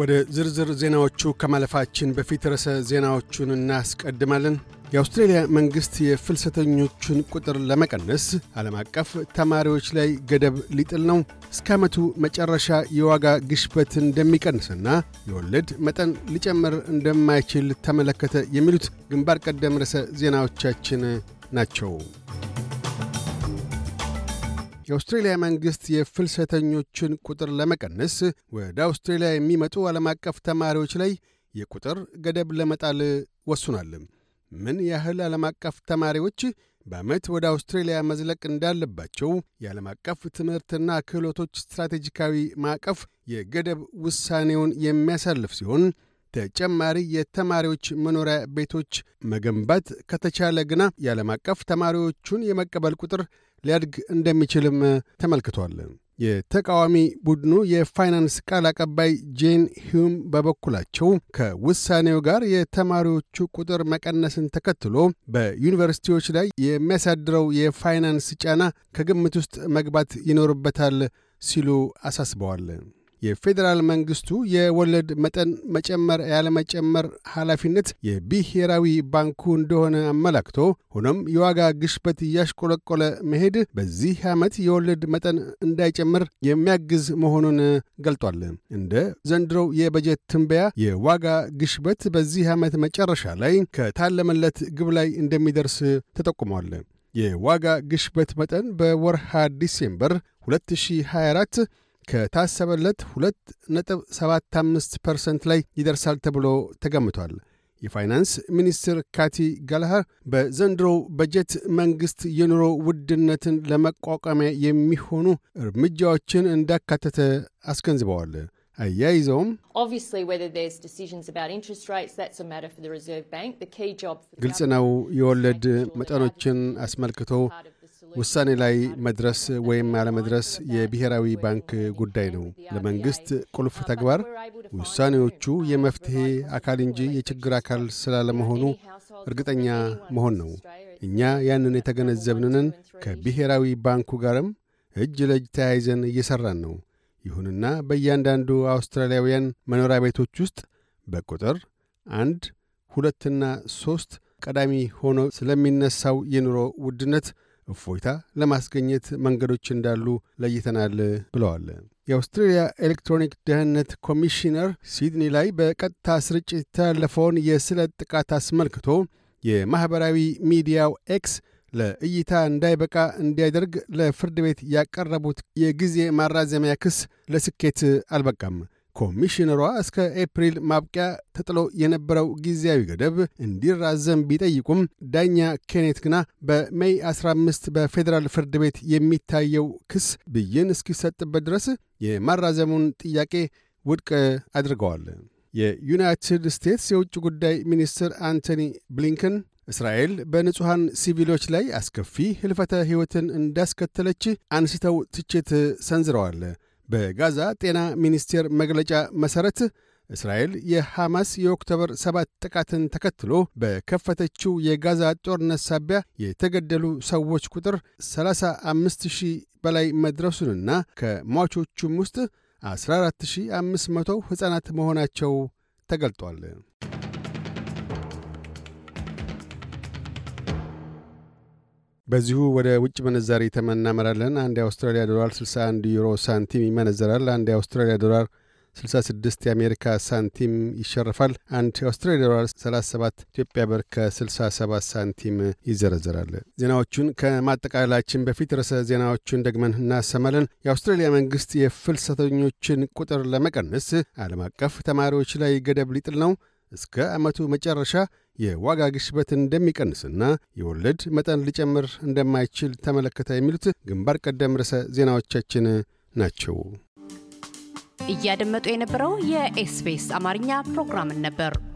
ወደ ዝርዝር ዜናዎቹ ከማለፋችን በፊት ርዕሰ ዜናዎቹን እናስቀድማለን። የአውስትሬልያ መንግሥት የፍልሰተኞቹን ቁጥር ለመቀነስ ዓለም አቀፍ ተማሪዎች ላይ ገደብ ሊጥል ነው። እስከ ዓመቱ መጨረሻ የዋጋ ግሽበት እንደሚቀንስና የወለድ መጠን ሊጨምር እንደማይችል ተመለከተ። የሚሉት ግንባር ቀደም ርዕሰ ዜናዎቻችን ናቸው። የአውስትሬልያ መንግሥት የፍልሰተኞችን ቁጥር ለመቀነስ ወደ አውስትሬልያ የሚመጡ ዓለም አቀፍ ተማሪዎች ላይ የቁጥር ገደብ ለመጣል ወስኗል። ምን ያህል ዓለም አቀፍ ተማሪዎች በዓመት ወደ አውስትሬልያ መዝለቅ እንዳለባቸው የዓለም አቀፍ ትምህርትና ክህሎቶች ስትራቴጂካዊ ማዕቀፍ የገደብ ውሳኔውን የሚያሳልፍ ሲሆን ተጨማሪ የተማሪዎች መኖሪያ ቤቶች መገንባት ከተቻለ ግና የዓለም አቀፍ ተማሪዎቹን የመቀበል ቁጥር ሊያድግ እንደሚችልም ተመልክቷል። የተቃዋሚ ቡድኑ የፋይናንስ ቃል አቀባይ ጄን ሂዩም በበኩላቸው ከውሳኔው ጋር የተማሪዎቹ ቁጥር መቀነስን ተከትሎ በዩኒቨርሲቲዎች ላይ የሚያሳድረው የፋይናንስ ጫና ከግምት ውስጥ መግባት ይኖርበታል ሲሉ አሳስበዋል። የፌዴራል መንግስቱ የወለድ መጠን መጨመር ያለመጨመር ኃላፊነት የብሔራዊ ባንኩ እንደሆነ አመላክቶ ሆኖም የዋጋ ግሽበት እያሽቆለቆለ መሄድ በዚህ ዓመት የወለድ መጠን እንዳይጨምር የሚያግዝ መሆኑን ገልጧል። እንደ ዘንድሮው የበጀት ትንበያ የዋጋ ግሽበት በዚህ ዓመት መጨረሻ ላይ ከታለመለት ግብ ላይ እንደሚደርስ ተጠቁሟል። የዋጋ ግሽበት መጠን በወርሃ ዲሴምበር 2024 ከታሰበለት 2.75 ፐርሰንት ላይ ይደርሳል ተብሎ ተገምቷል። የፋይናንስ ሚኒስትር ካቲ ጋላሃር በዘንድሮው በጀት መንግሥት የኑሮ ውድነትን ለመቋቋሚያ የሚሆኑ እርምጃዎችን እንዳካተተ አስገንዝበዋል። አያይዘውም ግልጽ ነው፣ የወለድ መጠኖችን አስመልክቶ ውሳኔ ላይ መድረስ ወይም አለመድረስ የብሔራዊ ባንክ ጉዳይ ነው። ለመንግሥት ቁልፍ ተግባር ውሳኔዎቹ የመፍትሔ አካል እንጂ የችግር አካል ስላለመሆኑ እርግጠኛ መሆን ነው። እኛ ያንን የተገነዘብንንን ከብሔራዊ ባንኩ ጋርም እጅ ለእጅ ተያይዘን እየሠራን ነው። ይሁንና በእያንዳንዱ አውስትራሊያውያን መኖሪያ ቤቶች ውስጥ በቁጥር አንድ ሁለትና ሦስት ቀዳሚ ሆኖ ስለሚነሳው የኑሮ ውድነት እፎይታ ለማስገኘት መንገዶች እንዳሉ ለይተናል ብለዋል። የአውስትሬልያ ኤሌክትሮኒክ ደህንነት ኮሚሽነር ሲድኒ ላይ በቀጥታ ስርጭት የተላለፈውን የስለት ጥቃት አስመልክቶ የማኅበራዊ ሚዲያው ኤክስ ለእይታ እንዳይበቃ እንዲያደርግ ለፍርድ ቤት ያቀረቡት የጊዜ ማራዘሚያ ክስ ለስኬት አልበቃም። ኮሚሽነሯ እስከ ኤፕሪል ማብቂያ ተጥሎ የነበረው ጊዜያዊ ገደብ እንዲራዘም ቢጠይቁም ዳኛ ኬኔት ግና በሜይ 15 በፌዴራል ፍርድ ቤት የሚታየው ክስ ብይን እስኪሰጥበት ድረስ የማራዘሙን ጥያቄ ውድቅ አድርገዋል። የዩናይትድ ስቴትስ የውጭ ጉዳይ ሚኒስትር አንቶኒ ብሊንከን እስራኤል በንጹሐን ሲቪሎች ላይ አስከፊ ህልፈተ ሕይወትን እንዳስከተለች አንስተው ትችት ሰንዝረዋል። በጋዛ ጤና ሚኒስቴር መግለጫ መሠረት እስራኤል የሐማስ የኦክቶበር 7 ጥቃትን ተከትሎ በከፈተችው የጋዛ ጦርነት ሳቢያ የተገደሉ ሰዎች ቁጥር 35 ሺህ በላይ መድረሱንና ከሟቾቹም ውስጥ 14500 ሕፃናት መሆናቸው ተገልጧል። በዚሁ ወደ ውጭ ምንዛሪ ተመናመራለን። አንድ የአውስትራሊያ ዶላር 61 ዩሮ ሳንቲም ይመነዘራል። አንድ የአውስትራሊያ ዶላር 66 የአሜሪካ ሳንቲም ይሸርፋል። አንድ የአውስትራሊያ ዶላር 37 ኢትዮጵያ ብር ከ67 ሳንቲም ይዘረዘራል። ዜናዎቹን ከማጠቃላላችን በፊት ርዕሰ ዜናዎቹን ደግመን እናሰማለን። የአውስትራሊያ መንግሥት የፍልሰተኞችን ቁጥር ለመቀነስ ዓለም አቀፍ ተማሪዎች ላይ ገደብ ሊጥል ነው። እስከ ዓመቱ መጨረሻ የዋጋ ግሽበት እንደሚቀንስና የወለድ መጠን ሊጨምር እንደማይችል ተመለከተ። የሚሉት ግንባር ቀደም ርዕሰ ዜናዎቻችን ናቸው። እያደመጡ የነበረው የኤስፔስ አማርኛ ፕሮግራምን ነበር።